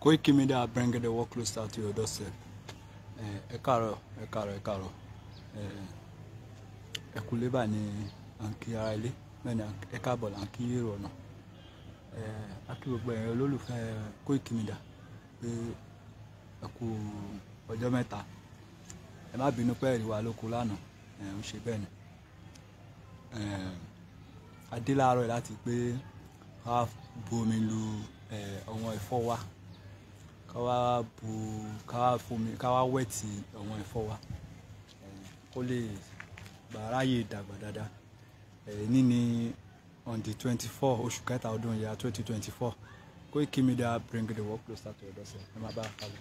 Koiki Media bring the world closer eh, e to your doorstep. Ẹ káàárọ̀, ẹ e káàárọ̀, ẹ eh, e káàárọ̀. Ẹ kú lébà ní àǹkí ara ilé, bẹ́ẹ̀ ni ẹ káàbọ̀ là ń kí èrò ọ̀nà. Akí gbogbo ẹ̀yin olólùfẹ́ Koiki Media pé ẹ kú ọjọ́ mẹ́ta. Ẹ má bínú pé ẹ̀rí wa lóko lánàá, ẹ̀ eh, ń ṣe bẹ́ẹ̀ ni. Adé láàárọ̀ láti pé ká bomi lu ọ̀wọ́n ẹ̀fọ́ wa ká wá bu ká wá fomi ká wá wẹ̀tì àwọn ẹ̀fọ́ wa kó lè gbàráyè dàgbà dáadáa èyí ni on the twenty four oṣù kẹta ọdún yìí twenty twenty four Koiki Media bring the work closer to your doorstep ẹ má bá a kálọ.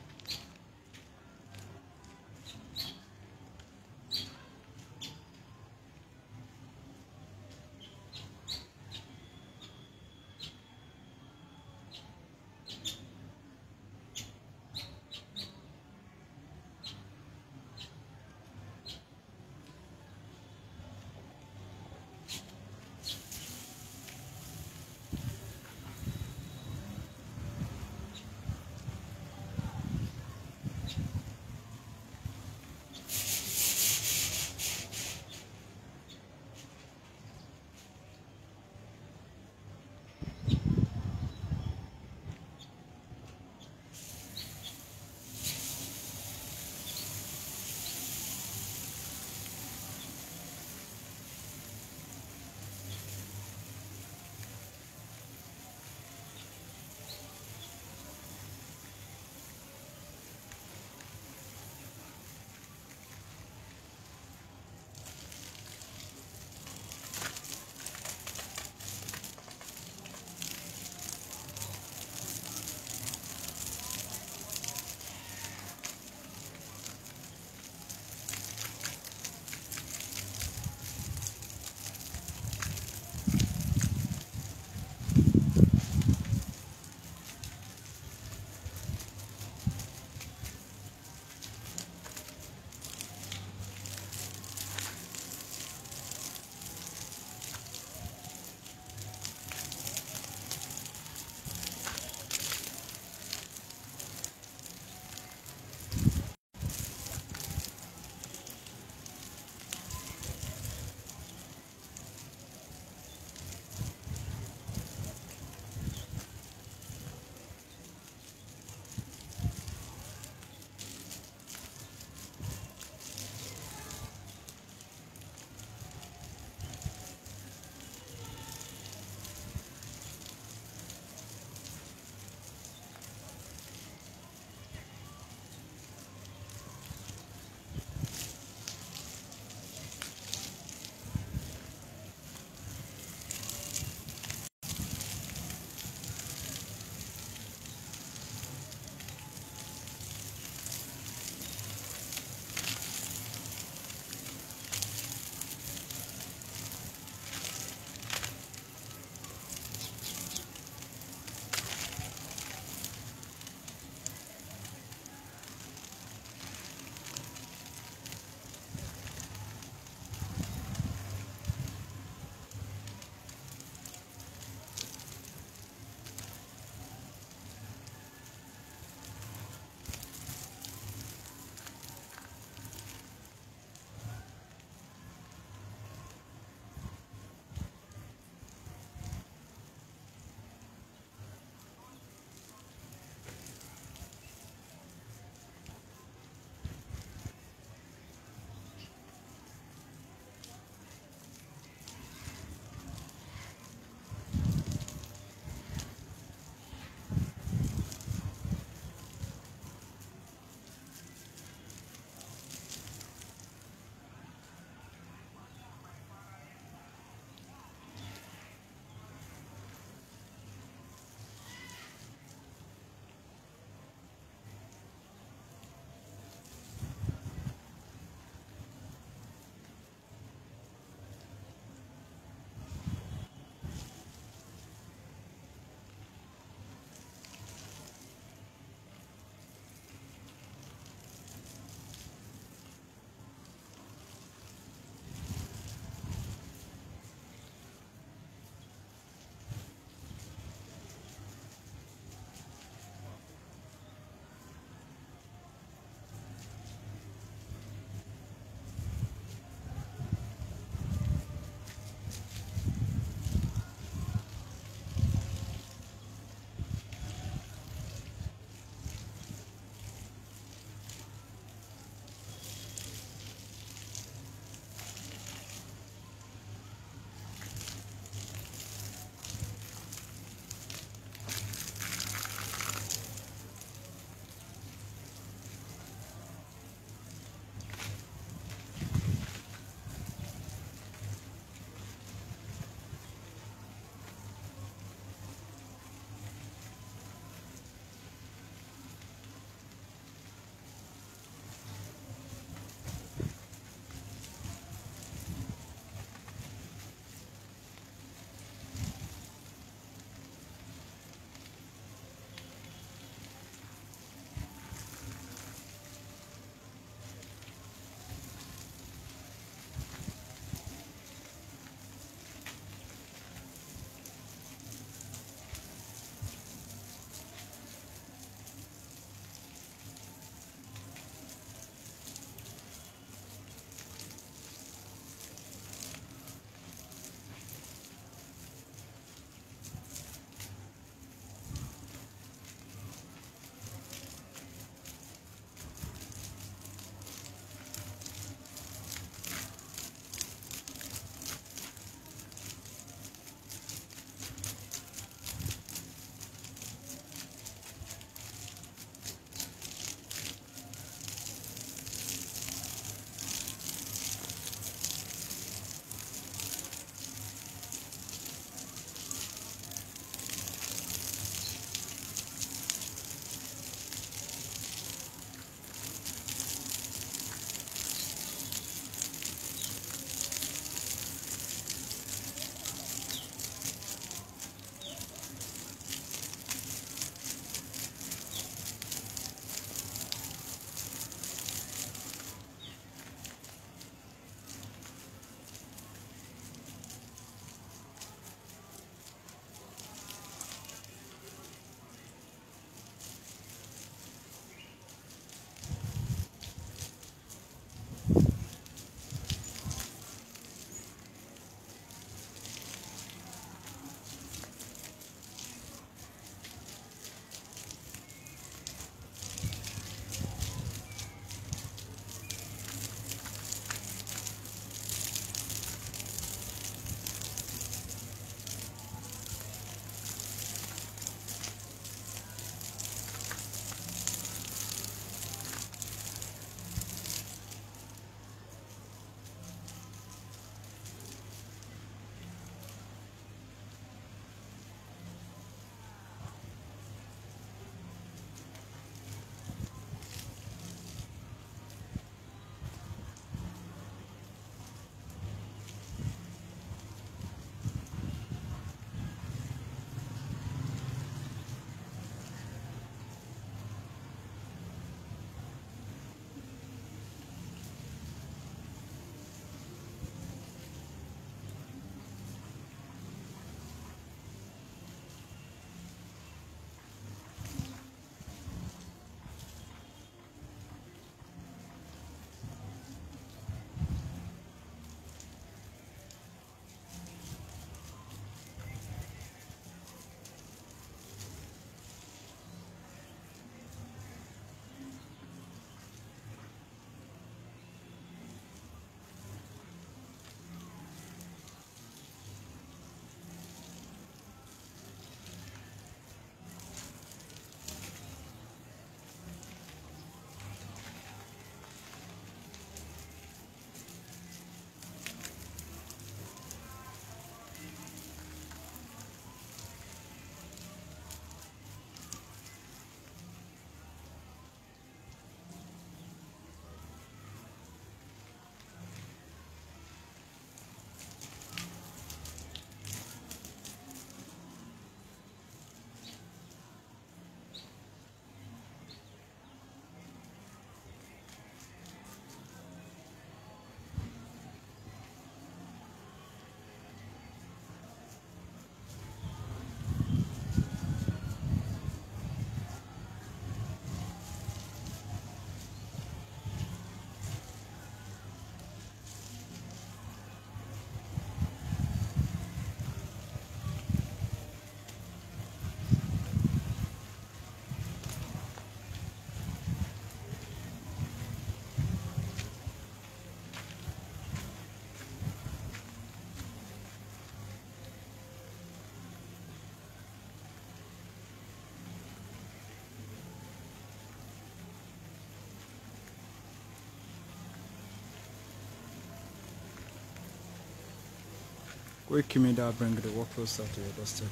Quick media bring the work closer to your doorstep.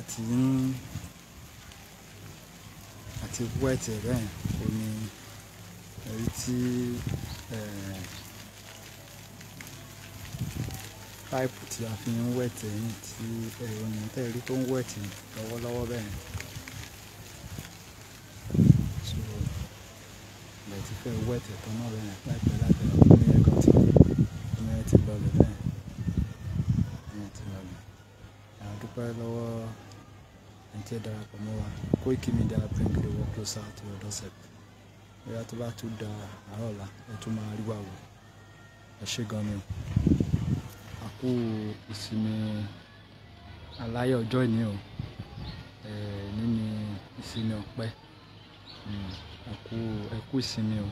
Àti eh, yín àti wet bẹ́ẹ̀ kò ní èyí tí páìpù tí a fi ń wet yìí tí ìròyìn tẹ̀ rí tó ń wet yìí lọ́wọ́lọ́wọ́ bẹ́ẹ̀. So ilẹ̀ ti fẹ́ wet tán náà bẹ́ẹ̀ páìpù lábẹ́ ọ̀gbìn ẹ̀kọ́ ti yẹn ti lọlẹ̀ bẹ́ẹ̀ yẹn ti lọlẹ̀ à dúpẹ́ lọ́wọ́ ẹni tí ẹ darapọ̀ mọ́ wa Koiki Media bring the world closer to your doorstep bóyá tó bá tún da àárọ̀ ọ̀la ẹ tún máa rí wà wò ẹ ṣé gan ni o àkó ìsinmi aláyọ̀ ọjọ́ ìní o nínú ìsinmi ọpẹ́ ẹ̀kú hmm, ìsinmi o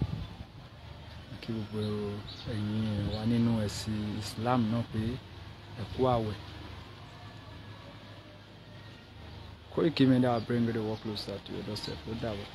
kí gbogbo ẹ̀yin wa nínú ẹ̀sìn Islam náà pé ẹ kú àwẹ̀. Koiki Media bring the work closer to your doorstep ó dàbọ̀.